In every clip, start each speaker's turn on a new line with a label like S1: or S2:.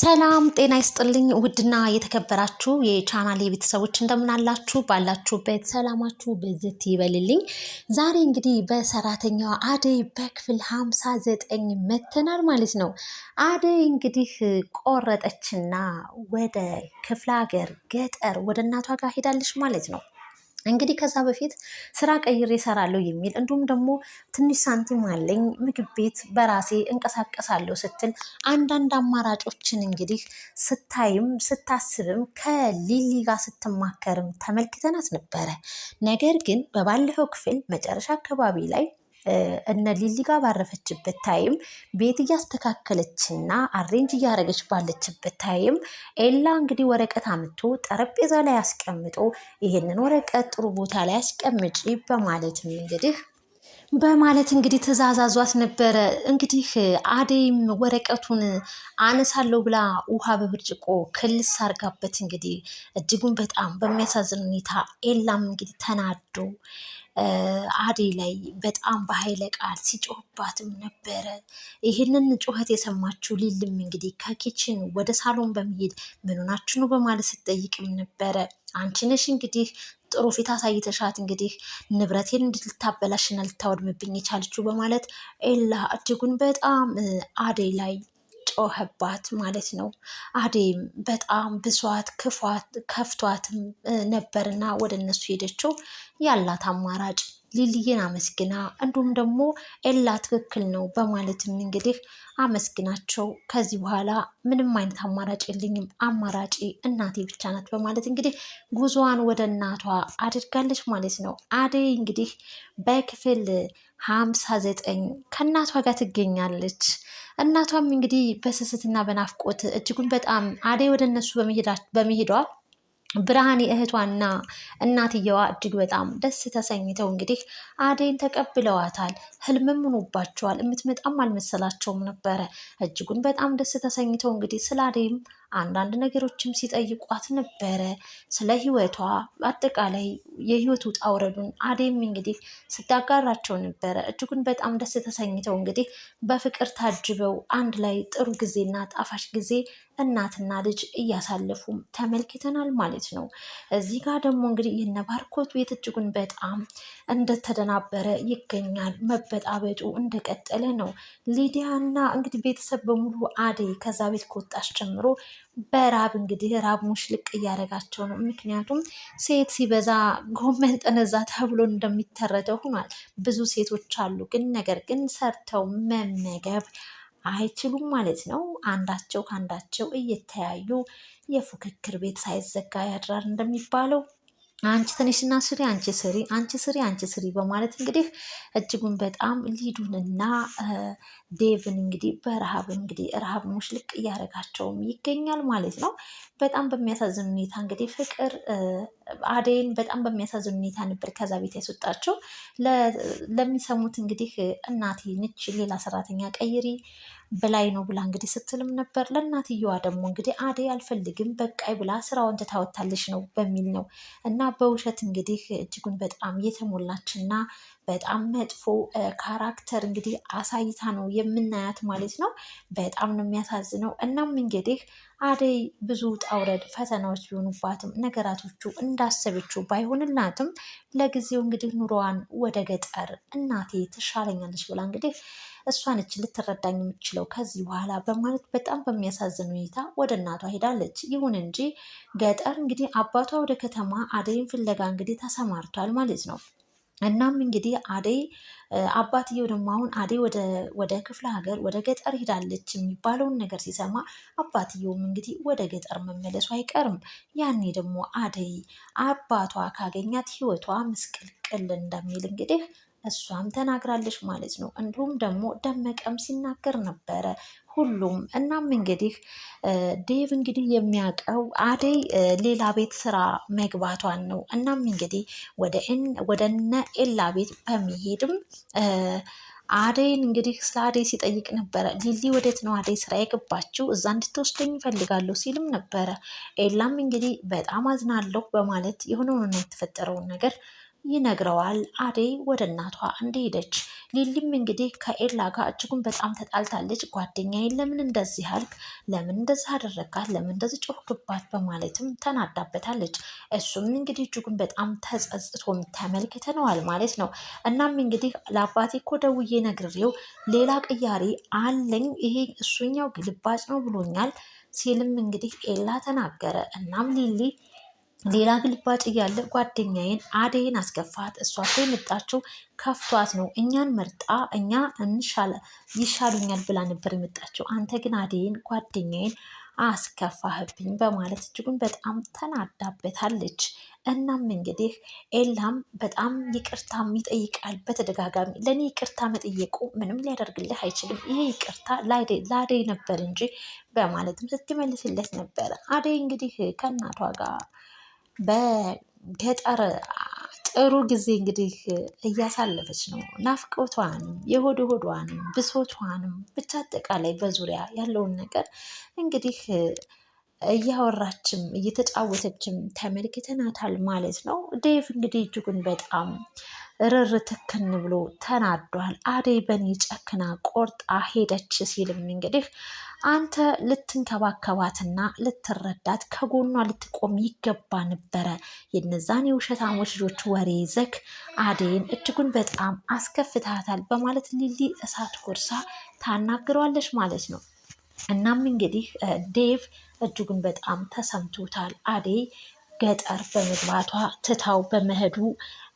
S1: ሰላም ጤና ይስጥልኝ። ውድና የተከበራችሁ የቻናል ቤተሰቦች እንደምናላችሁ፣ ባላችሁበት ሰላማችሁ በዝት ይበልልኝ። ዛሬ እንግዲህ በሰራተኛዋ አደይ በክፍል ሀምሳ ዘጠኝ መተናል ማለት ነው። አደይ እንግዲህ ቆረጠችና ወደ ክፍለ ሀገር ገጠር ወደ እናቷ ጋር ሄዳለች ማለት ነው። እንግዲህ ከዛ በፊት ስራ ቀይሬ እሰራለሁ የሚል እንዲሁም ደግሞ ትንሽ ሳንቲም አለኝ ምግብ ቤት በራሴ እንቀሳቀሳለሁ ስትል አንዳንድ አማራጮችን እንግዲህ ስታይም ስታስብም ከሊሊ ጋር ስትማከርም ተመልክተናት ነበረ። ነገር ግን በባለፈው ክፍል መጨረሻ አካባቢ ላይ እነ ሊሊ ጋር ባረፈችበት ታይም ቤት እያስተካከለችና አሬንጅ እያደረገች ባለችበት ታይም ኤላ እንግዲህ ወረቀት አምቶ ጠረጴዛ ላይ አስቀምጦ ይሄንን ወረቀት ጥሩ ቦታ ላይ አስቀምጪ በማለትም እንግዲህ በማለት እንግዲህ ትእዛዛዟት ነበረ። እንግዲህ አደይም ወረቀቱን አነሳለሁ ብላ ውሃ በብርጭቆ ክልስ አርጋበት እንግዲህ እጅጉን በጣም በሚያሳዝን ሁኔታ ኤላም እንግዲህ ተናዶ አደይ ላይ በጣም በኃይለ ቃል ሲጮህባትም ነበረ። ይህንን ጩኸት የሰማችው ሊልም እንግዲህ ከኪችን ወደ ሳሎን በመሄድ ምን ነው በማለት ስትጠይቅም ነበረ። አንቺ ነሽ እንግዲህ ጥሩ ፊት አሳይተሻት እንግዲህ ንብረቴን እንድልታበላሽና ልታወድምብኝ የቻለችው በማለት ኤላ እጅጉን በጣም አደይ ላይ ጮኸባት ማለት ነው። አደይም በጣም ብሷት ክፏት ከፍቷትም ነበርና ወደ እነሱ ሄደችው ያላት አማራጭ ሊልየን አመስግና እንዲሁም ደግሞ ኤላ ትክክል ነው በማለትም እንግዲህ አመስግናቸው ከዚህ በኋላ ምንም አይነት አማራጭ የለኝም፣ አማራጭ እናቴ ብቻ ናት በማለት እንግዲህ ጉዞዋን ወደ እናቷ አድርጋለች ማለት ነው። አደይ እንግዲህ በክፍል ሀምሳ ዘጠኝ ከእናቷ ጋር ትገኛለች። እናቷም እንግዲህ በስስትና በናፍቆት እጅጉን በጣም አደይ ወደ እነሱ በመሄዷ ብርሃኔ የእህቷና እናትየዋ እጅግ በጣም ደስ ተሰኝተው እንግዲህ አደይን ተቀብለዋታል። ህልምም ሆኖባቸዋል። የምትመጣም አልመሰላቸውም ነበረ። እጅጉን በጣም ደስ ተሰኝተው እንግዲህ ስለ አደይም አንዳንድ ነገሮችም ሲጠይቋት ነበረ። ስለ ህይወቷ አጠቃላይ የህይወት ውጣ ውረዱን አደይም እንግዲህ ስታጋራቸው ነበረ። እጅጉን በጣም ደስ ተሰኝተው እንግዲህ በፍቅር ታጅበው አንድ ላይ ጥሩ ጊዜና ጣፋጭ ጊዜ እናትና ልጅ እያሳለፉ ተመልክተናል ማለት ነው። እዚህ ጋር ደግሞ እንግዲህ የነባርኮት ቤት እጅጉን በጣም እንደተደናበረ ይገኛል። መበጣበጡ እንደቀጠለ ነው። ሊዲያና እንግዲህ ቤተሰብ በሙሉ አደይ ከዛ ቤት ከወጣች ጀምሮ በራብ እንግዲህ ራብ ሙሽልቅ እያደረጋቸው ነው። ምክንያቱም ሴት ሲበዛ ጎመን ጠነዛ ተብሎ እንደሚተረተው ሆኗል። ብዙ ሴቶች አሉ ግን ነገር ግን ሰርተው መመገብ አይችሉም ማለት ነው። አንዳቸው ከአንዳቸው እየተያዩ የፉክክር ቤት ሳይዘጋ ያድራል እንደሚባለው አንቺ ትንሽና ስሪ አንቺ ስሪ አንቺ ስሪ አንቺ ስሪ በማለት እንግዲህ እጅጉን በጣም ሊዱንና ዴቭን እንግዲህ በረሃብ እንግዲህ ረሃብ ሙሽልቅ እያደረጋቸውም ይገኛል ማለት ነው። በጣም በሚያሳዝን ሁኔታ እንግዲህ ፍቅር አደይን በጣም በሚያሳዝን ሁኔታ ነበር ከዛ ቤት ያስወጣቸው። ለሚሰሙት እንግዲህ እናቴ ነች ሌላ ሰራተኛ ቀይሪ በላይ ነው ብላ እንግዲህ ስትልም ነበር። ለእናትየዋ ደግሞ እንግዲህ አደይ አልፈልግም በቃይ ብላ ስራውን ትታወታለች ነው በሚል ነው እና በውሸት እንግዲህ እጅጉን በጣም የተሞላች እና በጣም መጥፎ ካራክተር እንግዲህ አሳይታ ነው የምናያት ማለት ነው። በጣም ነው የሚያሳዝነው። እናም እንግዲህ አደይ ብዙ ጣውረድ ፈተናዎች ቢሆኑባትም ነገራቶቹ እንዳሰበችው ባይሆንላትም ለጊዜው እንግዲህ ኑሮዋን ወደ ገጠር እናቴ ትሻለኛለች ብላ እንግዲህ እሷነች ልትረዳኝ የምችለው ከዚህ በኋላ በማለት በጣም በሚያሳዝን ሁኔታ ወደ እናቷ ሄዳለች። ይሁን እንጂ ገጠር እንግዲህ አባቷ ወደ ከተማ አደይን ፍለጋ እንግዲህ ተሰማርቷል ማለት ነው። እናም እንግዲህ አደይ አባትየው ደግሞ አሁን አደይ ወደ ክፍለ ሀገር ወደ ገጠር ሄዳለች የሚባለውን ነገር ሲሰማ አባትየውም እንግዲህ ወደ ገጠር መመለሱ አይቀርም። ያኔ ደግሞ አደይ አባቷ ካገኛት ሕይወቷ ምስቅልቅል እንደሚል እንግዲህ እሷም ተናግራለች ማለት ነው። እንዲሁም ደግሞ ደመቀም ሲናገር ነበረ ሁሉም እናም እንግዲህ ዴቭ እንግዲህ የሚያውቀው አደይ ሌላ ቤት ስራ መግባቷን ነው። እናም እንግዲህ ወደ እነ ኤላ ቤት በሚሄድም አደይን እንግዲህ ስለ አደይ ሲጠይቅ ነበረ። ሊሊ ወዴት ነው አደይ ስራ የገባችው? እዛ እንድትወስደኝ እፈልጋለሁ ሲልም ነበረ። ኤላም እንግዲህ በጣም አዝናለሁ በማለት የሆነውን የተፈጠረውን ነገር ይነግረዋል። አደይ ወደ እናቷ እንደሄደች ሊሊም እንግዲህ ከኤላ ጋር እጅጉን በጣም ተጣልታለች። ጓደኛዬን ለምን እንደዚህ አልክ? ለምን እንደዚህ አደረጋት? ለምን እንደዚህ ጮህክባት? በማለትም ተናዳበታለች። እሱም እንግዲህ እጅጉን በጣም ተጸጽቶም ተመልክተነዋል ማለት ነው። እናም እንግዲህ ለአባቴ እኮ ደውዬ ነግሬው ሌላ ቅያሪ አለኝ ይሄ እሱኛው ግልባጭ ነው ብሎኛል ሲልም እንግዲህ ኤላ ተናገረ። እናም ሊሊ ሌላ ግልባጭ እያለ ጓደኛዬን አደይን አስገፋት። እሷ እኮ የመጣችው ከፍቷት ነው። እኛን መርጣ እኛ ይሻሉኛል ብላ ነበር የመጣችው። አንተ ግን አደይን ጓደኛዬን አስከፋህብኝ በማለት እጅጉን በጣም ተናዳበታለች። እናም እንግዲህ ኤላም በጣም ይቅርታም ይጠይቃል በተደጋጋሚ። ለእኔ ይቅርታ መጠየቁ ምንም ሊያደርግልህ አይችልም፣ ይሄ ይቅርታ ለአደይ ነበር እንጂ በማለትም ስትመልስለት ነበረ። አደይ እንግዲህ ከእናቷ ጋር በገጠር ጥሩ ጊዜ እንግዲህ እያሳለፈች ነው። ናፍቆቷንም የሆድ ሆዷንም ብሶቷንም ብቻ አጠቃላይ በዙሪያ ያለውን ነገር እንግዲህ እያወራችም እየተጫወተችም ተመልክተናታል ማለት ነው። ዴቭ እንግዲህ እጅጉን በጣም ርር ትክን ብሎ ተናዷል። አደይ በኔ ጨክና ቆርጣ ሄደች ሲልም እንግዲህ አንተ ልትንከባከባትና ልትረዳት ከጎኗ ልትቆም ይገባ ነበረ። የነዛን የውሸታሞች ልጆች ወሬ ዘክ አደይን እጅጉን በጣም አስከፍታታል በማለት ሊሊ እሳት ጎርሳ ታናግረዋለች ማለት ነው። እናም እንግዲህ ዴቭ እጅጉን በጣም ተሰምቶታል። አዴ ገጠር በመግባቷ ትታው በመሄዱ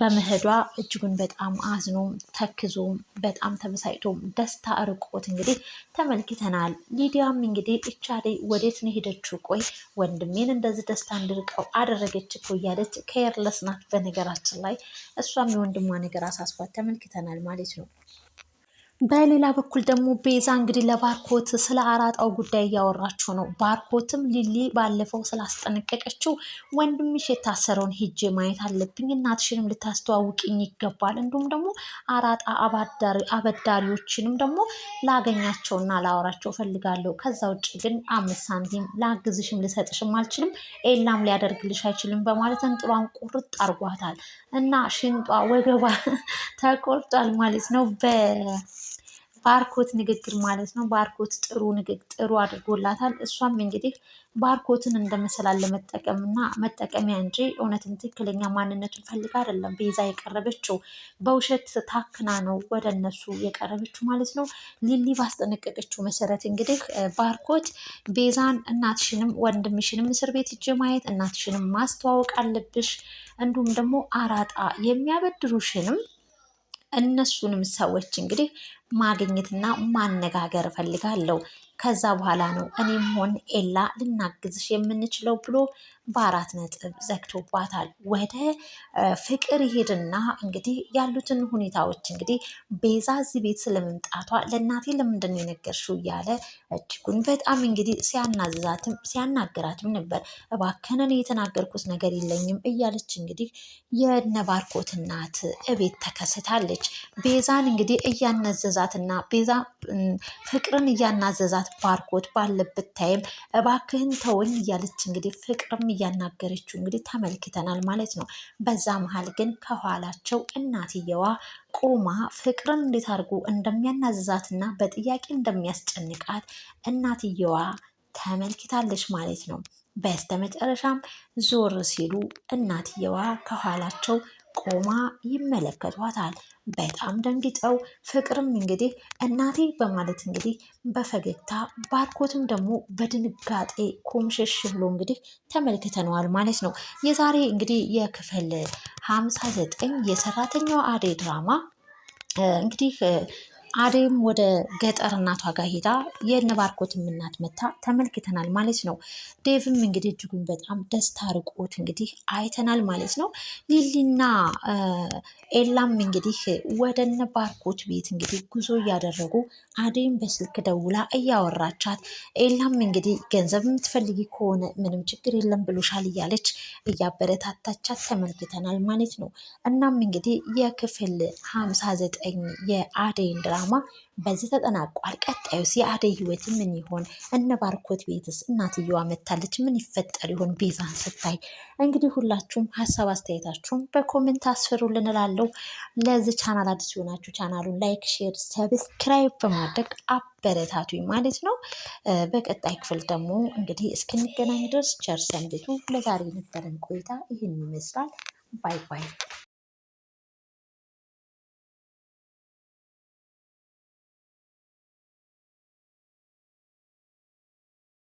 S1: በመሄዷ እጅጉን በጣም አዝኖም ተክዞም በጣም ተበሳጭቶም ደስታ ርቆት እንግዲህ ተመልክተናል። ሊዲያም እንግዲህ ይህች አደይ ወዴት ነው ሄደችው? ቆይ ወንድሜን እንደዚህ ደስታ እንድርቀው አደረገች እኮ እያለች ኬርለስ ናት። በነገራችን ላይ እሷም የወንድሟ ነገር አሳስቧት ተመልክተናል ማለት ነው። በሌላ በኩል ደግሞ ቤዛ እንግዲህ ለባርኮት ስለ አራጣው ጉዳይ እያወራችው ነው። ባርኮትም ሊሊ ባለፈው ስላስጠነቀቀችው ወንድምሽ የታሰረውን ሄጄ ማየት አለብኝ፣ እናትሽንም ልታስተዋውቅኝ ይገባል፣ እንዲሁም ደግሞ አራጣ አበዳሪዎችንም ደግሞ ላገኛቸውና ላወራቸው እፈልጋለሁ። ከዛ ውጭ ግን አምስት ሳንቲም ላግዝሽም ልሰጥሽም አልችልም፣ ኤላም ሊያደርግልሽ አይችልም በማለት እንጥሏን ቁርጥ አርጓታል እና ሽንጧ ወገቧ ተቆርጧል ማለት ነው በ ባርኮት ንግግር ማለት ነው። ባርኮት ጥሩ ንግግር ጥሩ አድርጎላታል። እሷም እንግዲህ ባርኮትን መሰላል ለመጠቀም እና መጠቀሚያ እንጂ እውነትም ትክክለኛ ማንነቱን ፈልጋ አይደለም ቤዛ የቀረበችው። በውሸት ታክና ነው ወደ እነሱ የቀረበችው ማለት ነው። ሊሊ ባስጠነቀቀችው መሰረት እንግዲህ ባርኮት ቤዛን እናትሽንም ወንድምሽንም እስር ቤት ሂጄ ማየት እናትሽንም ማስተዋወቅ አለብሽ እንዲሁም ደግሞ አራጣ የሚያበድሩሽንም እነሱንም ሰዎች እንግዲህ ማግኘትና ማነጋገር እፈልጋለሁ። ከዛ በኋላ ነው እኔም ሆን ኤላ ልናግዝሽ የምንችለው ብሎ በአራት ነጥብ ዘግቶባታል። ወደ ፍቅር ይሄድና እንግዲህ ያሉትን ሁኔታዎች እንግዲህ ቤዛ እዚህ ቤት ስለመምጣቷ ለእናቴ ለምንድን ነው የነገርሽው እያለ እጅጉን በጣም እንግዲህ ሲያናዝዛትም ሲያናግራትም ነበር። እባክህን የተናገርኩት ነገር የለኝም እያለች እንግዲህ የነባርኮት እናት እቤት ተከስታለች። ቤዛን እንግዲህ እያነዘዛትና ቤዛ ፍቅርን እያናዘዛት ሰዓት ባርኮት ባለበት ታይም እባክህን ተወኝ እያለች እንግዲህ ፍቅርም እያናገረችው እንግዲህ ተመልክተናል ማለት ነው። በዛ መሀል ግን ከኋላቸው እናትየዋ ቆማ ፍቅርን እንዴት አድርጎ እንደሚያናዝዛትና በጥያቄ እንደሚያስጨንቃት እናትየዋ ተመልክታለች ማለት ነው። በስተመጨረሻም ዞር ሲሉ እናትየዋ ከኋላቸው ቆማ ይመለከቷታል። በጣም ደንግጠው ፍቅርም እንግዲህ እናቴ በማለት እንግዲህ በፈገግታ ባርኮትም ደግሞ በድንጋጤ ኮምሸሽ ብሎ እንግዲህ ተመልክተነዋል ማለት ነው። የዛሬ እንግዲህ የክፍል 59 የሰራተኛው አደይ ድራማ እንግዲህ አደይም ወደ ገጠር እናቷ ጋር ሄዳ የእነ ባርኮትም እናት መታ ተመልክተናል ማለት ነው። ዴቭም እንግዲህ እጅጉን በጣም ደስታ ርቆት እንግዲህ አይተናል ማለት ነው። ሊሊና ኤላም እንግዲህ ወደ እነ ባርኮት ቤት እንግዲህ ጉዞ እያደረጉ አደይም በስልክ ደውላ እያወራቻት፣ ኤላም እንግዲህ ገንዘብ የምትፈልጊ ከሆነ ምንም ችግር የለም ብሎሻል እያለች እያበረታታቻት ተመልክተናል ማለት ነው። እናም እንግዲህ የክፍል ሀምሳ ዘጠኝ የአደይን ድራማ ድራማ በዚህ ተጠናቋል። ቀጣዩስ የአደይ ህይወት ምን ይሆን? እነ ባርኮት ቤትስ እናትየዋ መታለች፣ ምን ይፈጠር ይሆን? ቤዛን ስታይ እንግዲህ ሁላችሁም ሀሳብ አስተያየታችሁን በኮሜንት አስፍሩልን ልንላለው። ለዚህ ቻናል አዲስ ሲሆናችሁ ቻናሉን ላይክ፣ ሼር፣ ሰብስክራይብ በማድረግ አበረታቱኝ ማለት ነው። በቀጣይ ክፍል ደግሞ እንግዲህ እስክንገናኝ ድረስ ቸር ሰንብቱ። ለዛሬ የነበረን ቆይታ ይህን ይመስላል። ባይ ባይ።